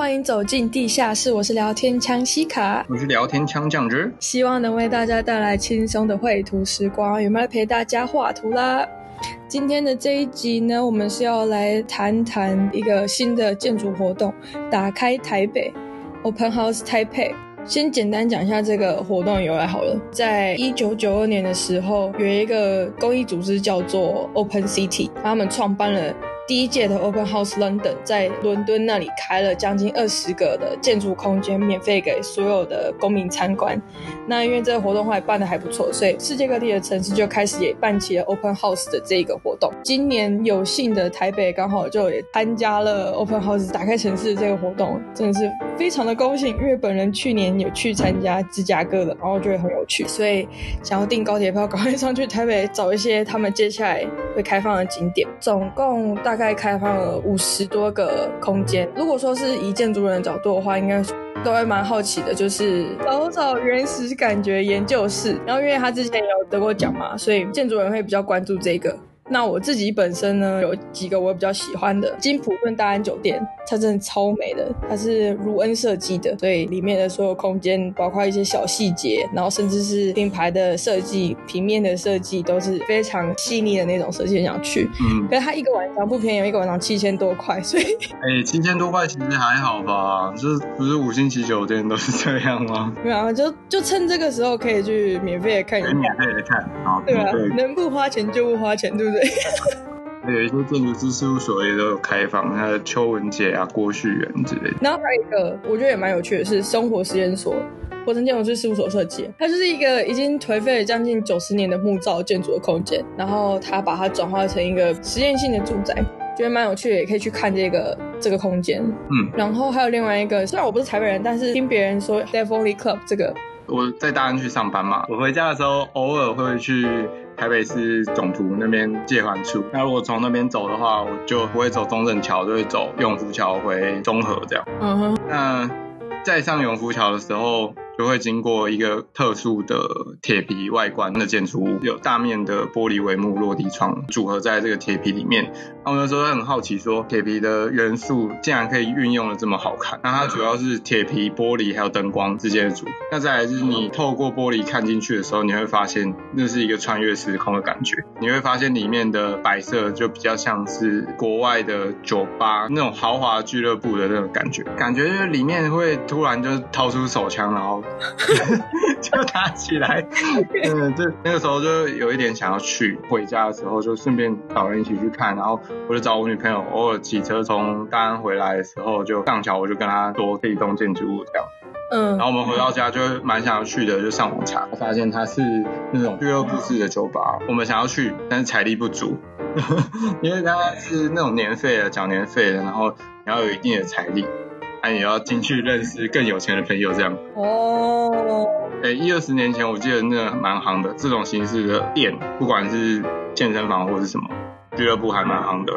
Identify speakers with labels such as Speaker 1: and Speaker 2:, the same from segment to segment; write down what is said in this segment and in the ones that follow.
Speaker 1: 歡迎走進地下室，我是聊天槍西卡，
Speaker 2: 我是聊天槍醬汁，
Speaker 1: 希望能為大家帶來輕鬆的繪圖時光，有沒有陪大家畫圖啦？今天的這一集呢，我們是要來談談一個新的建築活動——打開臺北，Open House Taipei。先簡單講一下這個活動由來好了，在一九九二年的時候，有一個公益組織叫做 Open City，他們創辦了。第一屆的 Open House London 在倫敦那裡開了將近二十個的建築空間，免費給所有的公民參觀。那因為這個活動後來辦得還不錯，所以世界各地的城市就開始也辦起了 Open House 的這一個活動。今年有幸的台北剛好就也參加了 Open House 打開城市的這個活動，真的是非常的高興。因為本人去年有去參加芝加哥的，然後覺得很有趣，所以想要訂高鐵票，趕快上去台北找一些他們接下來會開放的景點，總共大概開放了五十多個空間。如果說是以建築人的角度的話，應該都會蠻好奇的，就是找找原始感覺研究室。然後，因為他之前有得過獎嘛，所以建築人會比較關注這個。那我自己本身呢，有幾個我比較喜歡的，金普頓大安酒店，它真的超美的，它是如恩設計的，所以裡面的所有空間，包括一些小細節，然後甚至是品牌的設計、平面的設計都是非常細膩的那種設計，很想去。嗯，可是它一個晚上不便宜，一個晚上七千多塊，所以，
Speaker 2: 哎、欸，七千多塊其實還好吧？這不是五星級酒店都是這樣嗎？
Speaker 1: 沒有、啊，就就趁這個時候可以去免費的看，有沒有、給
Speaker 2: 你啊看，免費的看，對啊，能
Speaker 1: 不花錢就不花錢，對不對？
Speaker 2: 有一些建築師事務所也都有開放，像邱文傑啊、郭旭元之類
Speaker 1: 的。然後還有一個我覺得也蠻有趣的，是生活實驗所，國城建築師事務所設計，它就是一個已經頹廢了將近九十年的木造建築的空間，然後他把它轉化成一個實驗性的住宅，覺得蠻有趣的，也可以去看這個這個空間。嗯，然後還有另外一個，雖然我不是台北人，但是聽別人說 Definitely Club 這個，
Speaker 2: 我在大安區上班嘛，我回家的時候偶爾會去。台北市總圖那邊借還處。那如果從那邊走的話，我就不會走中正橋，就會走永福橋回中和這樣。嗯哼、uh，huh. 那在上永福橋的時候。就會經過一個特殊的鐵皮外觀的建築物，有大面的玻璃帷幕、落地窗組合在這個鐵皮裡面。那我那時候很好奇，說鐵皮的元素竟然可以運用的這麼好看。那它主要是鐵皮、玻璃還有燈光之間的組。那再來就是你透過玻璃看進去的時候，你會發現那是一個穿越時空的感覺。你會發現裡面的擺設就比較像是國外的酒吧那種豪華俱樂部的那種感覺，感覺就是裡面會突然就掏出手槍，然後。 就他起來。Okay. 嗯，那個時候就有一點想要去。回家的時候就順便找人一起去看，然後我就找我女朋友偶爾騎車從大安回來的時候就上橋，我就跟他說可以動建築物這樣。嗯，然後我們回到家就蠻想要去的，嗯、就上網查，發現它是那種俱樂部式的酒吧，嗯、我們想要去，但是財力不足， 因為它是那種年費的，繳年費的，然後你要有一定的財力。那、啊、也要進去認識更有錢的朋友這樣。哦、
Speaker 1: 欸，
Speaker 2: 哎、欸，一二十年前我記得那蠻夯的，這種形式的店，不管是健身房或是什麼俱樂部還蠻夯的。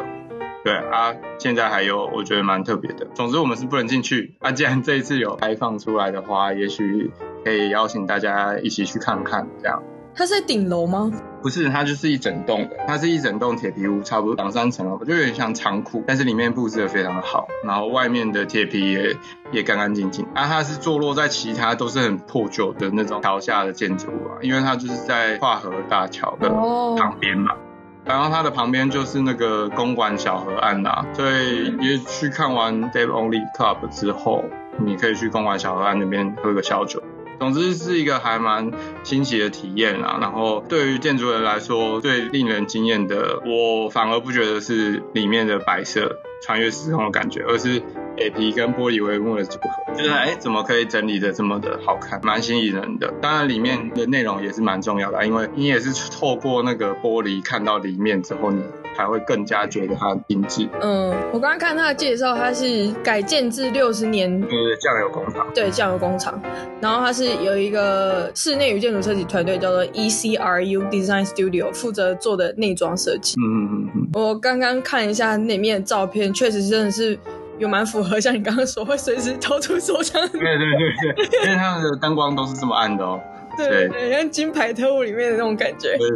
Speaker 2: 對啊，現在還有我覺得蠻特別的。總之我們是不能進去。啊，既然這一次有開放出來的話，也許可以邀請大家一起去看看這樣。
Speaker 1: 它是在頂樓嗎？
Speaker 2: 不是，它就是一整棟的，它是一整棟鐵皮屋，差不多兩三層樓，就有點像倉庫，但是裡面佈置的非常好，然後外面的鐵皮也也乾乾淨淨。那、啊、它是坐落在其他都是很破舊的那種橋下的建築物啊，因為它就是在化河大橋的旁邊嘛。Oh. 然後它的旁邊就是那個公館小河岸啦、啊。所以也去看完 Dave Only Club 之後，你可以去公館小河岸那邊喝個小酒。總之是一個還蠻新奇的體驗啊，然後對於建築人來說，最令人驚艷的，我反而不覺得是裡面的白色穿越時空的感覺，而是鐵皮跟玻璃帷幕的組合，就是哎，怎麼可以整理的這麼的好看，蠻吸引人的。當然裡面的內容也是蠻重要的，因為你也是透過那個玻璃看到裡面之後你。才會更加覺得它的精緻。嗯，
Speaker 1: 我剛剛看它的介紹，它是改建自六十年，對
Speaker 2: 對、呃、醬油工廠，
Speaker 1: 對醬油工廠。然後它是有一個室內與建築設計團隊叫做 E C R U Design Studio 負責做的內裝設計。嗯嗯
Speaker 2: 嗯，
Speaker 1: 我剛剛看一下那面的照片，確實真的是有蠻符合，像你剛剛說會隨時掏出手槍。對對
Speaker 2: 對對，對對 因為它們的燈光都是這麼暗的哦。對，對，對，很
Speaker 1: 像《金牌特務》裡面的那種
Speaker 2: 感覺，對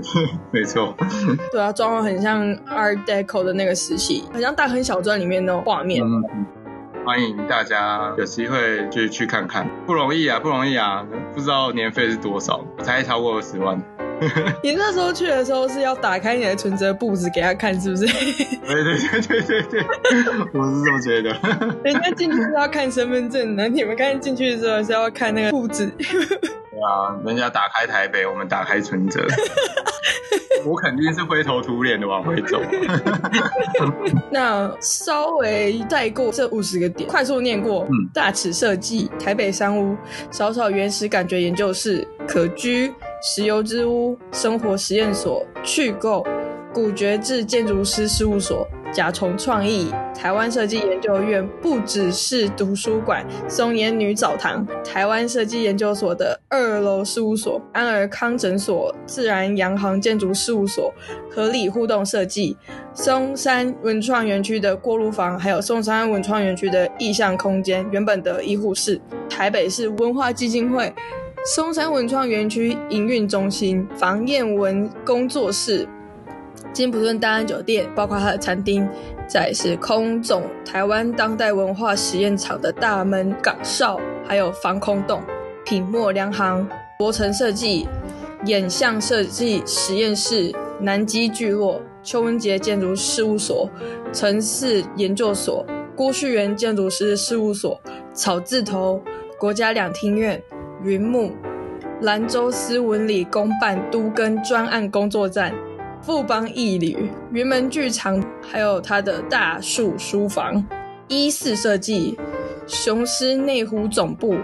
Speaker 2: 沒錯。
Speaker 1: 對啊，裝潢很像 Art Deco 的那個時期，好像《大亨小傳》裡面的那種畫面。
Speaker 2: 嗯嗯，歡迎大家有機會就去，去看看，不容易啊，不容易啊，不知道年費是多少，才超過十萬。
Speaker 1: 你 那時候去的時候是要打開你的存折簿子給他看，是不是？對
Speaker 2: 對對對對對，我是這麼覺得。
Speaker 1: 人家進去是要看身份證的，你們剛進去的時候是要看那個簿子
Speaker 2: 啊！人家打開臺北，我們打開存摺。 我肯定是灰頭土臉的往回走。
Speaker 1: 那稍微帶過這五十個點，快速念過：嗯、大尺設計、台北山屋、少少原始感覺研究室、可居、石油之屋、生活實驗所、去購、古爵志建築師事務所。甲蟲創意、台灣設計研究院不只是圖書館、松菸女澡堂、台灣設計研究所的二樓事務所、安爾康診所、自然洋行建築事務所、合理互動設計、松山文創園區的鍋爐房，還有松山文創園區的意向空間（原本的醫護室）、台北市文化基金會、松山文創園區營運中心、房燕文工作室。金普頓大安酒店，包括它的餐廳；再是空總台灣當代文化實驗場的大門崗哨，還有防空洞。品墨良行、柏成設計、衍象設計實驗室、南機聚落、邱文杰建築事務所、城市研究所、郭旭元建築師事務所、草字頭、國家兩廳院、雲木、蘭州斯文理工辦都更專案工作站。富邦藝旅、雲門劇場，還有他的大樹書房、伊勢設計、雄獅內湖總部、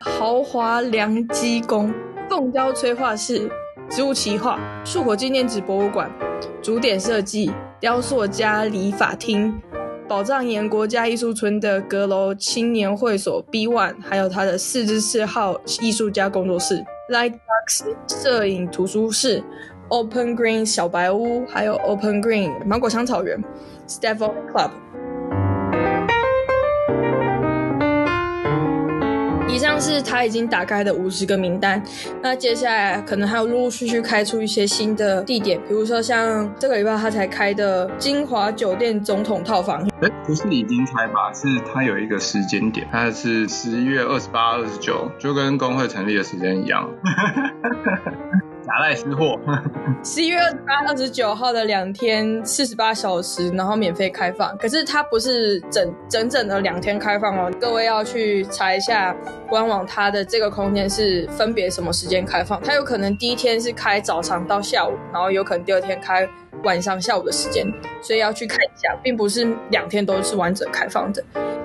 Speaker 1: 豪華朗機工、鳳嬌催化室、植物企畫、樹火紀念紙博物館、主點設計、雕塑家理法廳、寶藏巖國家藝術村的閣樓青年會所 B One，還有他的四之四號藝術家工作室、Lightbox 攝影圖書室。Open Green 小白屋，還有 Open Green 芒果香草園 ，Stephane Club。以上是他已經打開的五十個名單，那接下來可能還有陸陸續續開出一些新的地點，比如說像這個禮拜他才開的金華酒店總統套房。欸,
Speaker 2: 不是已經開吧？是它有一個時間點，它是十一月二十八、二十九，就跟工會成立的時間一樣。 拿來吃貨。
Speaker 1: 十一 月二十八、二十九號的兩天四十八小時，然後免費開放。可是它不是整整整的兩天開放哦，各位要去查一下官網，它的這個空間是分別什麼時間開放。它有可能第一天是開早上到下午，然後有可能第二天開晚上下午的時間，所以要去看一下，並不是兩天都是完整開放的。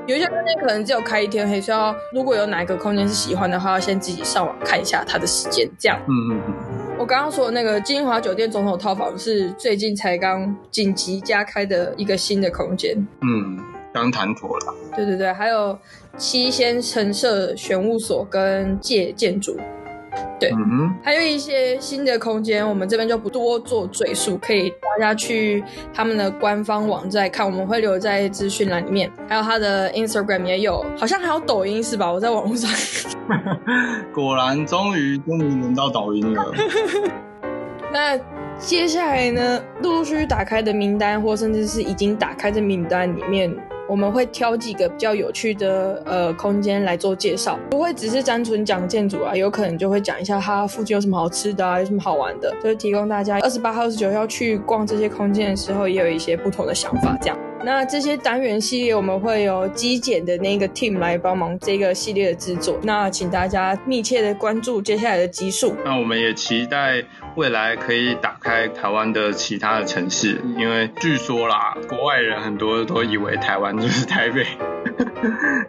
Speaker 1: 有一些空間可能只有開一天黑，所以要如果有哪一個空間是喜歡的話，要先自己上網看一下它的時間，這樣。嗯嗯嗯。我剛剛說的那個金華酒店總統套房是最近才剛緊急加開的一個新的空間，
Speaker 2: 嗯，剛談妥了。
Speaker 1: 對對對，還有七仙城舍玄武所跟借建築。
Speaker 2: 對，嗯、
Speaker 1: 哼還有一些新的空間，我們這邊就不多做贅述，可以大家去他們的官方網站看，我們會留在資訊欄裡面。還有他的 Instagram 也有，好像還有抖音是吧？我在網絡上，
Speaker 2: 果然，終於終於輪到抖音了。
Speaker 1: 那接下來呢？陸陸續續打開的名單，或甚至是已經打開的名單裡面。我們會挑幾個比較有趣的呃空間來做介紹，不會只是單純講建築啊，有可能就會講一下它附近有什麼好吃的啊，有什麼好玩的，就是提供大家二十八號、二十九號要去逛這些空間的時候，也有一些不同的想法這樣。那這些單元系列，我們會有機簡的那個 team 來幫忙這個系列的制作。那請大家密切的關注接下來的集數。
Speaker 2: 那我們也期待未來可以打開台灣的其他的城市，因為據說啦，國外人很多人都以為台灣就是台北。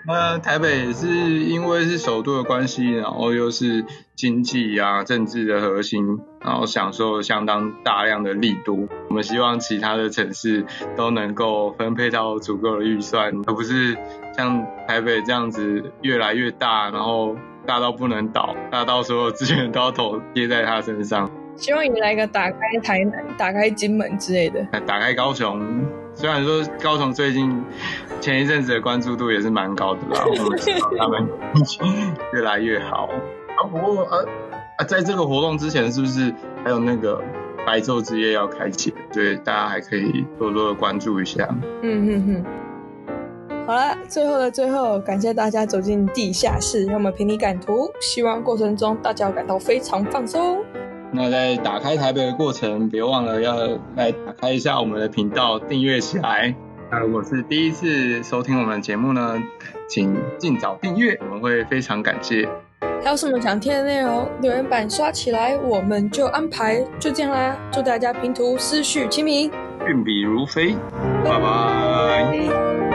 Speaker 2: 那、 呃、台北也是因為是首都的關係，然後又是經濟啊、政治的核心，然後享受相當大量的力度。我們希望其他的城市都能夠分配到足夠的預算，而不是像台北這樣子越來越大，然後大到不能倒，大到所有資源都要投跌在他身上。
Speaker 1: 希望你來個打開台南、打開金門之類的，打，
Speaker 2: 打開高雄。雖然說高雄最近前一陣子的關注度也是蠻高的啦，他們越來越好。
Speaker 1: 啊，不過啊
Speaker 2: 啊，在這個活動之前，是不是還有那個白晝之夜要開啟？對，大家還可以多多的關注一下。嗯
Speaker 1: 哼哼。好啦，最後的最後，感謝大家走進地下室，讓我們陪你趕圖，希望過程中大家感到非常放鬆。
Speaker 2: 那在打開台北的過程，別忘了要來打開一下我們的頻道，訂閱起來。那如果是第一次收聽我們的節目呢，請儘早訂閱，我們會非常感謝。
Speaker 1: 還有什麼想聽的內容，留言板刷起來，我們就安排。就這樣啦，祝大家評圖思緒清明，
Speaker 2: 運筆如飛，拜拜。拜拜。